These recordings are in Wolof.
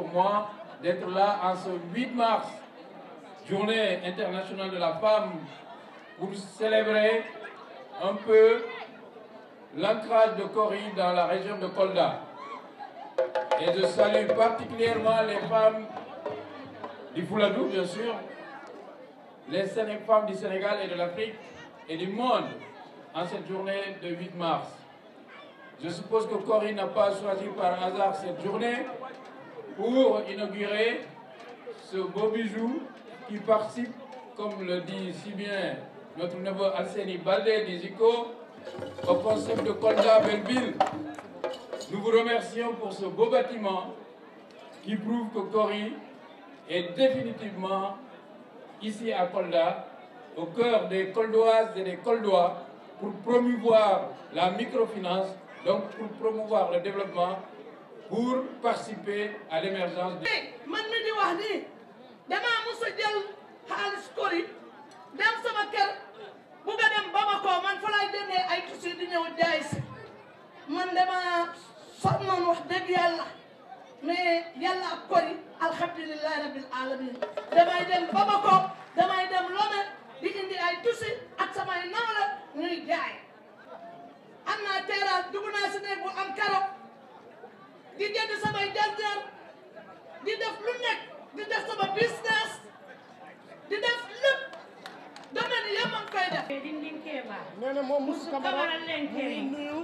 pour moi d'être là en ce 8 mars, journée internationale de la femme, pour célébrer un peu l'ancrage de Cori dans la région de Kolda. Et je salue particulièrement les femmes du Fouladou, bien sûr, les femmes du Sénégal et de l'Afrique et du monde en cette journée de mars. Je suppose que Corinne n'a pas choisi par hasard cette journée, pour inaugurer ce beau bijou qui participe, comme le dit si bien notre neveu Alseni Baldé des au concept de Kolda Belleville. Nous vous remercions pour ce beau bâtiment qui prouve que Cori est définitivement ici à Kolda, au cœur des Koldoises et des Koldois, pour promouvoir la microfinance, donc pour promouvoir le développement pour participer man mi di wax nii damaa mos a jël xaalis dem sama kër dem Bamako man fa laay ay tissu di ñëw jaay si man damaa sonnoon wax dëgg yàlla mais yàlla kori alhamdulilah rabbil alamin damay dem Bamako damay dem Lomé di indi ay tissu ak di jënd samay jantar di def lu nekk di def sama business di def lépp domaine yëpp a ngi koy def. nee moom Moussa Camara mu nuyu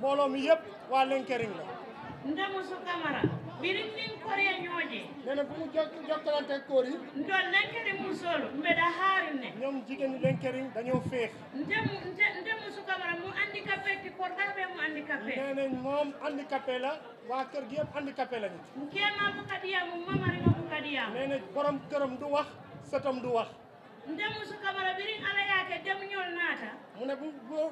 mbooloo mi waa Lenkering la. birin nin koreñooje nene ko mu jokkalante koor yi ndon lenkeri mum solo mbeɗa haarinne ñoom jigéen ñi lenkeri dañoo feex ndem ndem sukamara mu handicapé ti portable mu handicapé nene moom handicapé la waa kër gi yëpp handicapé la ñu kema bu kadiyamu mamarima bu kadiyamu nene borom këram du wax sëtam du wax ndemu su kamara birin ala yaake dem ñol naata mu ne bu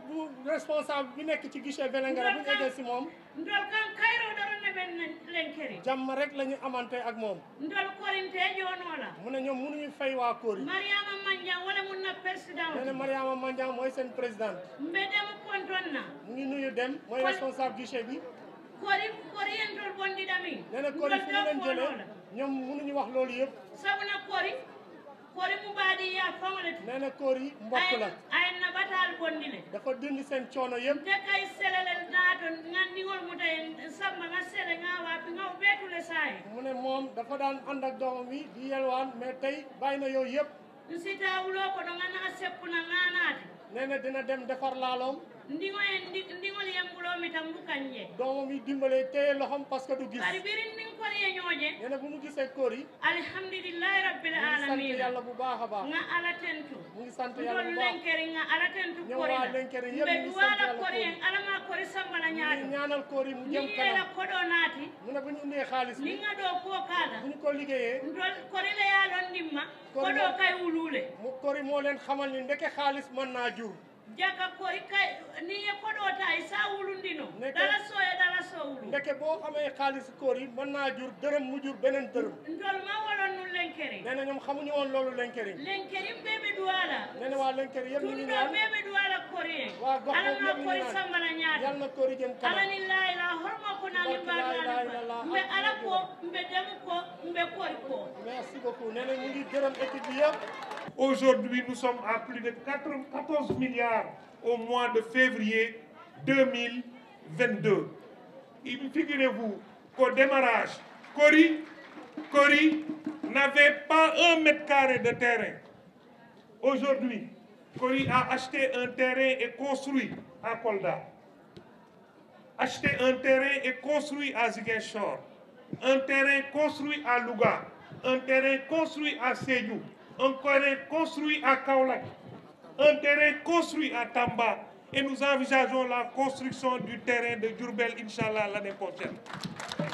bu responsable bi nekk ci guichet Vélingara bu ñu moom ndol kan kayro daro ne men len jàmm rek la ñu amante ak moom ndol korinte joonoo la mu na ñoom mënuñu fay waa kóor yi mariama mandiang wala mun na président nee na mariama mooy seen présidente mbe dem konton na mu ngi nuyu dem mooy responsable guichet bi kori kori yentol bondi dami nee na kori fu ñu leen jëlee ñoom mënuñu wax loolu yëpp sabu na kori kori mu baadi yaa faŋole ti nee koor yi mbokk la ay na bataal bondi le dafa dindi seen coono yëpp te kay selelel naato ngandiŋol mu tay samba nga sele nga waapi nga beetu saayi mu ne moom dafa daan ànd ak doomam yi di yelwaan mais tey bàyyi na yooyu yëpp nsi ko do nga sepp na nga naati nee na dina dem defar laaloom ndiŋo ye ndiŋol ye mbuloo mi tan mbukan je doomam yi dimbale teye loxom parce que du gis bari birin niŋ kor ye ñoo bu mu gisee kor yi alhamdulillahi rabbil alamin mu ngi sant yàlla bu baax a baax nga ala tentu mu ngi sant yàlla bu baax lenkeri nga ala tentu kori la lenkeri yëpp mu ngi sant yàlla kori ñaanal kori mu jëm kanam la mu ñu ko liggéeyee kori la yaa loon ndimma kodoo kay wuluule kori moo leen xamal ni ndeke xaalis mën naa jur jaga ko ika ni ye ko do tay sa wulu ndino dara so ye dara so wulu ndeke boo xamee xaalis koor yi mën naa jur dërëm mu jur beneen dërëm ndol ma waloon nu lenkeri nee na ñoom xamuñu woon loolu lenkeri lenkeri bébé duwala nee na waa lenkeri yëpp ñu ngi ñaan bébé duwala koor yi waa gox ala ma koy sambala ñaar yal na koor yi jëm kanam ala ni laa ilaa horma ko naa ni mbaa naa mbe ala ko mbe dem ko mbe koor ko merci beaucoup nee na ñu ngi gërëm équipe bi yëpp aujourd'hui nous sommes à plus de 94 milliards Dakar au mois de février 2022. Figurez-vous qu'au démarrage, Cori, Cori n'avait pas un mètre carré de terrain. Aujourd'hui, Cori a acheté un terrain et construit à Kolda. Acheté un terrain et construit à Ziguinchor. Un terrain construit à Louga. Un terrain construit à Seyou. Un terrain construit à Kaolack. un terrain construit à Tamba et nous la construction du terrain de Djurbel, Inch'Allah, l'année prochaine.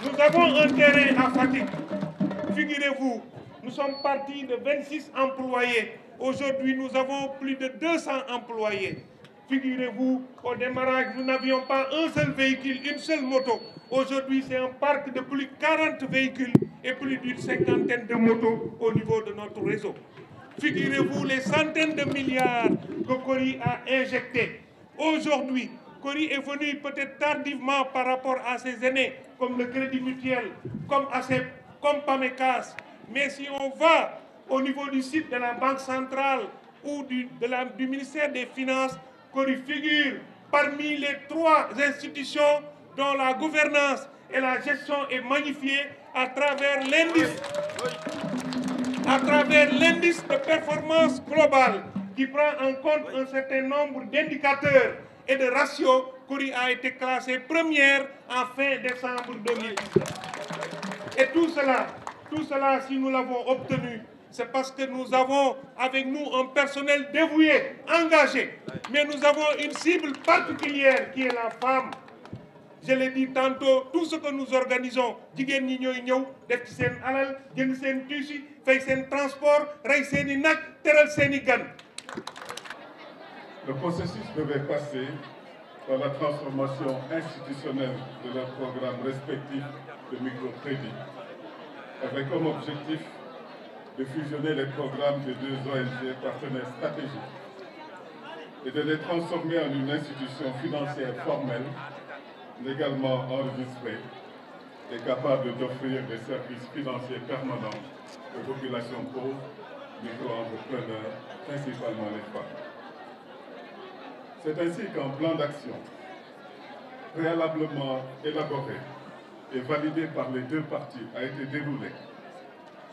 Nous avons un terrain à Fatigue. Figurez-vous, nous sommes partis de 26 employés. Aujourd'hui, nous avons plus de 200 employés. Figurez-vous, au démarrage, nous n'avions pas moto. Aujourd'hui, c'est un parc de plus de 40 véhicules et plus d'une cinquantaine de motos au niveau de notre réseau. Figurez-vous les centaines de milliards que Cory a injectés. Aujourd'hui, Cory est venu peut-être tardivement par rapport à ses aînés, comme le Crédit Mutuel, comme ACEP, comme PAMECAS. Mais si on va au niveau du site de la Banque centrale ou du, de la, du ministère des Finances, Cory figure parmi les trois institutions dont la gouvernance et la gestion est magnifiée à travers l'indice. à travers l'indice de performance globale qui prend en compte un certain nombre d'indicateurs et de ratios, Cori a été classée première en fin décembre 2019. Et tout cela, tout cela, si nous l'avons obtenu, c'est parce que nous avons avec nous un personnel dévoué, engagé. Mais nous avons une cible particulière qui est la femme. je l'ai dit tantôt tout ce que nous organisons jigéen ñi ñooy ñëw def alal jënd seen tuuti fay seen transport rey seen i nag teral seen i gan le processus devait passer par la transformation institutionnelle de leurs programmes respectifs de microcrédit avec comme objectif de fusionner les programmes des deux ONG partenaires stratégiques et de les transformer en une institution financière formelle, légalement enregistrée et capable d'offrir des services financiers permanents aux populations pauvres, micro-entrepreneurs, principalement les femmes. C'est ainsi qu'un plan d'action préalablement élaboré et validé par les deux parties a été déroulé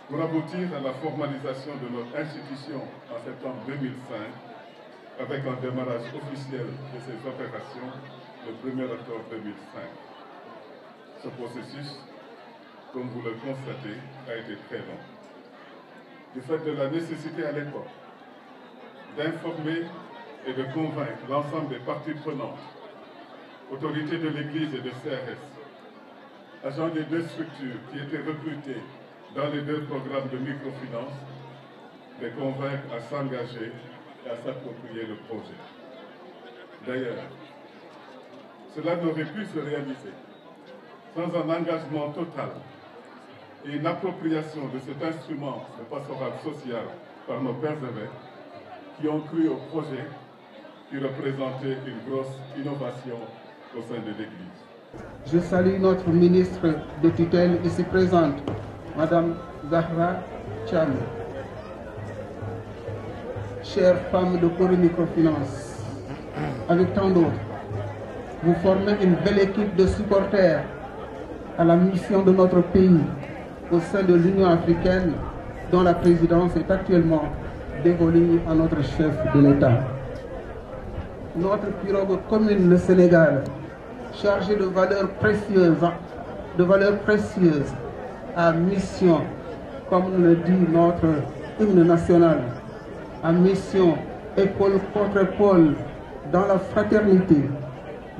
pour aboutir à la formalisation de notre institution en septembre 2005 avec un démarrage officiel de ces opérations le 1er octobre comme vous le constatez, a été très long. Du fait de la nécessité à l'époque d'informer et de convaincre l'ensemble des parties prenantes, autorités de l'Église et de CRS, agents des deux structures qui étaient recrutés dans les deux programmes de microfinance, les convaincre à s'engager et à s'approprier le projet. D'ailleurs, cela n'aurait pu se réaliser sans un engagement total et une appropriation de cet instrument de pastoral social par nos pères évêques qui ont cru au projet qui représentait une grosse innovation au sein de l'Église. Je salue notre ministre de tutelle ici présente, Madame Zahra Cham. Chère femme de Corée Microfinance, avec tant d'autres, vous formez une belle équipe de supporters à la mission de notre pays au sein de l'Union africaine dont la présidence est actuellement dévolue à notre chef de l'État. Notre pirogue commune, le Sénégal, chargée de valeurs précieuses, de valeurs précieuses à mission, comme nous le dit notre hymne national, à mission épaule contre épaule dans la fraternité,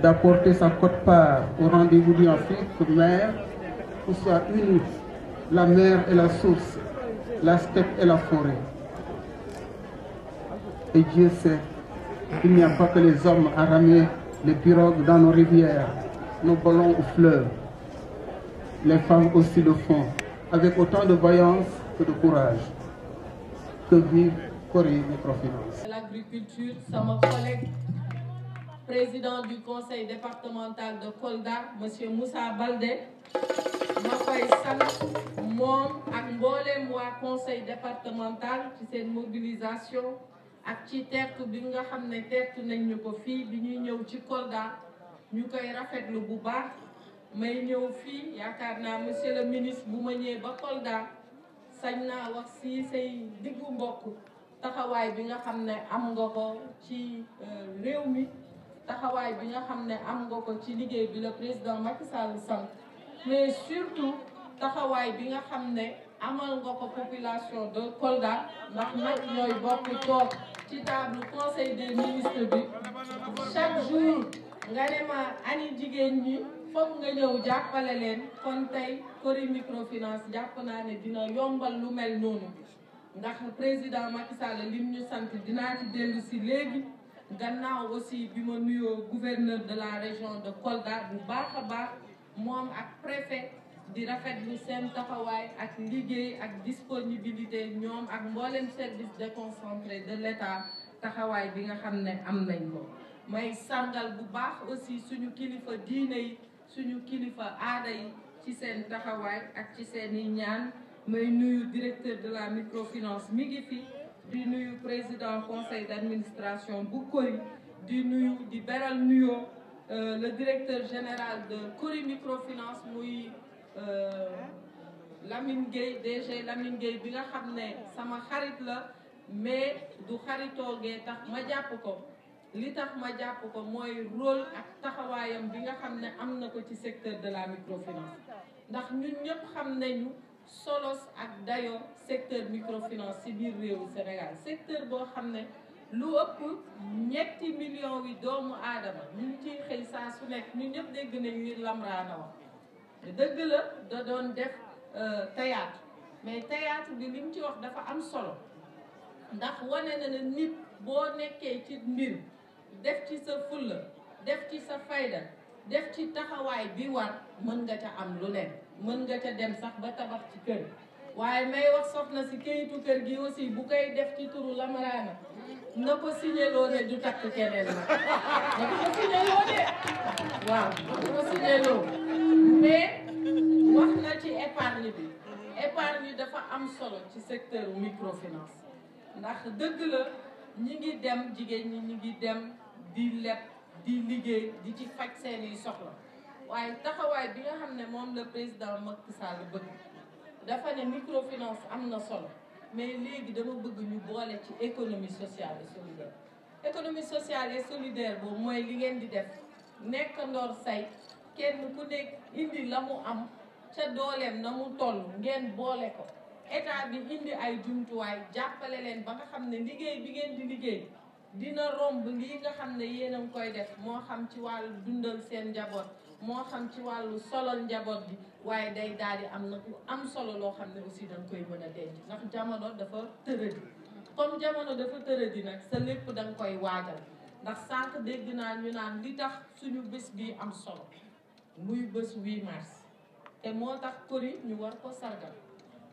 d'apporter sa cote-part au rendez-vous d'une Afrique mère, qui soit unie la mer est la source, la steppe est la forêt. Et Dieu sait qu'il n'y a pas que les hommes à ramer les pirogues dans nos rivières, nos ballons aux fleurs. Les femmes aussi le font, avec autant de vaillance que de courage. Que vive Corée Microfinance. L'agriculture, c'est mon collègue, président du conseil moom ak mbooleem waa conseil départemental ci seen mobilisation ak ci tertu bi nga xam ne tertu nañ ñu ko fii bi ñuy ñëw ci Kolda ñu koy rafetlu bu baax may ñëw fii yaakaar naa monsieur le ministre bu ma ñëwee ba Kolda sañ naa wax si say diggu mbokk taxawaay bi nga xam ne am nga ko ci euh, réew mi taxawaay bi nga xam ne am nga ko ci liggéey bi le président Macky Sall sant mais surtout taxawaay bi nga xam ne amal nga ko population de Kolda ndax nag ñooy bokk toog ci table conseil des ministres bi chaque jour nga ne ma ani jigéen ñi foog nga ñëw jàppale leen kon tey Cori microfinance jàpp naa ne dina yombal lu mel noonu ndax président Macky Sall lim ñu sant dinaa ci dellu si léegi gannaaw aussi bi ma nuyoo gouverneur de la région de Kolda bu baax a baax moom ak préfet di rafet rafetlu seen taxawaay ak liggéey ak disponibilité ñoom ak mbooleen service de déconcentré de l'État taxawaay bi nga xam ne am nañ ko may sargal bu baax aussi suñu kilifa diine yi suñu kilifa aada yi ci seen taxawaay ak ci seeni ñaan may nuyu directeur de la microfinance mi ngi fi di nuyu président conseil d'administration bu Cori di nuyu di beral nuyoo euh, le directeur général de Cori microfinance muy Euh, Lamine Gueye DG Lamine Gueye bi nga xam ne sama xarit la mais du xaritoogee tax ma jàpp ko li tax ma jàpp ko mooy rôle ak taxawaayam bi nga xam ne am na ko ci secteur de la microfinance ndax ñun ñëpp xam nañu solos ak dayo secteur microfinance ci biir réewu Sénégal secteur boo xam ne lu ëpp ñetti million wi doomu aadama ñu ngi ciy xëy saa su nekk ñu ñëpp dégg nañu li Lamrana wax dëgg la da doon def euh, théâtre mais théâtre bi li mu ci wax dafa am solo ndax wane na ne nit boo nekkee ci mbir def ci sa fulla def ci sa fayda def ci taxawaay bi war mën nga ca am lu leen mën nga ca dem sax ba tabax ci kër waaye may wax na si këyitu kër gi aussi bu koy def ci turu Lamarana na ko signéloo ne du takk keneen la na ko signéloo de waaw na ko signéloo mais wax na ci épargne bi épargne dafa am solo ci secteur microfinance ndax dëgg la ñi ngi dem jigéen ñi ñi ngi dem di leb di liggéey di ci faj seeni soxla waaye taxawaay bi nga xam ne moom la président Macky Sall bëgg dafa ne microfinance am na solo mais léegi dama bëgg ñu boole ci économie sociale et solidaire économie sociale et solidaire boobu mooy li ngeen di def nekk ndoor say kenn ku nekk indi la mu am ca dooleem na mu toll ngeen boole ko état bi indi ay jumtuwaay jàppale leen ba nga xam ne liggéey bi ngeen di liggéey dina romb lii nga xam ne yéen a ngi koy def moo xam ci wàll dundal seen njaboot moo xam ci wàllu solal njaboot bi waaye day daal di am na ku am solo loo xam ne aussi dañ koy mën a denc ndax jamono dafa tëradi comme jamono dafa tëradi nag sa lépp danga koy waajal ndax sànq dégg naa ñu naan li tax suñu bés bi am solo muy bés 8 mars te moo tax Kori ñu war ko sargal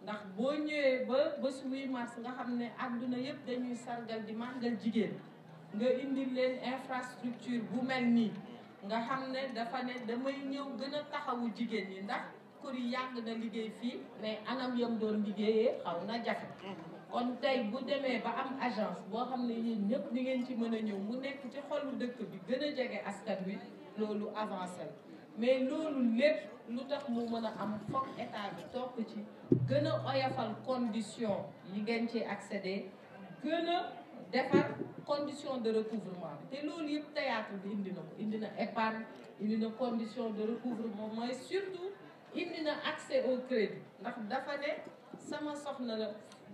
ndax boo ñëwee ba bés 8 mars nga xam ne àdduna yëpp dañuy sargal di màggal jigéen nga indi leen infrastructure bu mel nii nga xam ne dafa ne damay ñëw gën a taxawu jigéen ñi ndax Kori yàgg na liggéey fii mais anam yam doon liggéeyee xaw na jafe kon tey bu demee ba am agence boo xam ne yéen ñëpp di ngeen ci mën a ñëw mu nekk ci xolu dëkk bi gën a jege askan wi loolu avancé mais loolu lépp lu tax mu mën a am foog état bi topp ci gën a oyafal condition yi ngeen ci de gën a defar condition de recouvrement bi te loolu yëpp théâtre bi indi na ko indi na épargne indi na condition de recouvrement mooy surtout indi na accès au crédit ndax dafa ne sama soxna la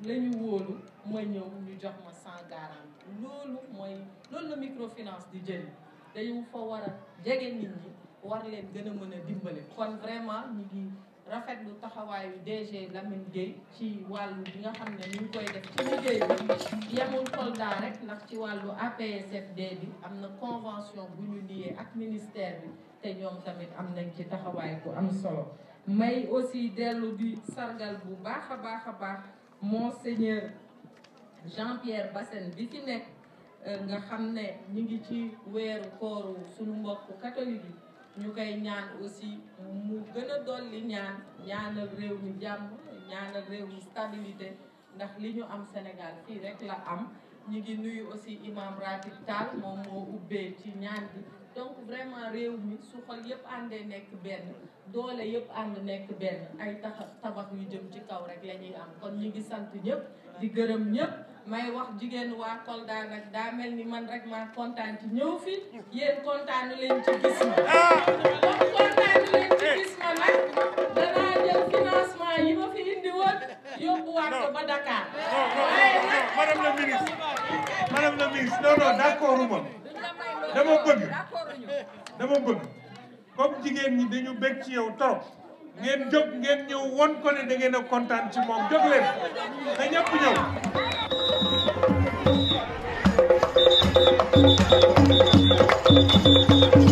la ñu wóolu ma ñëw ñu jox ma sans garantie loolu mooy loolu la microfinance di jël dañu fa war a jege nit ñi war leen gën a mën a dimbali kon vraiment ñu ngi rafet lu taxawaayu DG Lamine Gueye ci wàllu bi nga xam ne ñu ngi koy def ci liggéey bi yemul Kolda rek ndax ci wàllu APSFD bi am na convention bu ñu lié ak ministère bi te ñoom tamit am nañ ci taxawaay bu am solo may aussi dellu bi sargal bu baax a baax a baax monseigneur Jean-Pierre Bassène bi ci nekk euh, nga xam ne ñu ngi ci weeru kooru suñu mbokku catholique yi ñu koy ñaan aussi mu gën a dolli ñaan ñaanal réew ñu jàmm ñaanal réew mi stabilité ndax li ñu am Sénégal fii rek la am ñu ngi nuyu aussi imam Ratib Tall moom moo ubbee ci ñaan bi donc vraiment réew mi su xol yëpp àndee nekk benn doole yëpp ànd nekk benn ay tax tabax yu jëm ci kaw rek la ñuy am kon ñu ngi sant ñëpp di gërëm ñëpp may wax jigéenu waa Kolda nag daa mel ni man rek maa kontaan ci ñëw fii yéen kontaanu leen ci gis ma comme ah! kontaanu leen ci gis ma danaa jël financement yi ma fi indi woon yóbbuwaat ko ba Dakar waaye nag madame la ministre madame la ministre dama bët dama bëgg comme jigéen ñi dañu bëgg ci yow torop ngeen jóg ngeen ñëw won ko ne dangeen a kontaan ci moom jóg leen da ñëpp ñëw Thank you.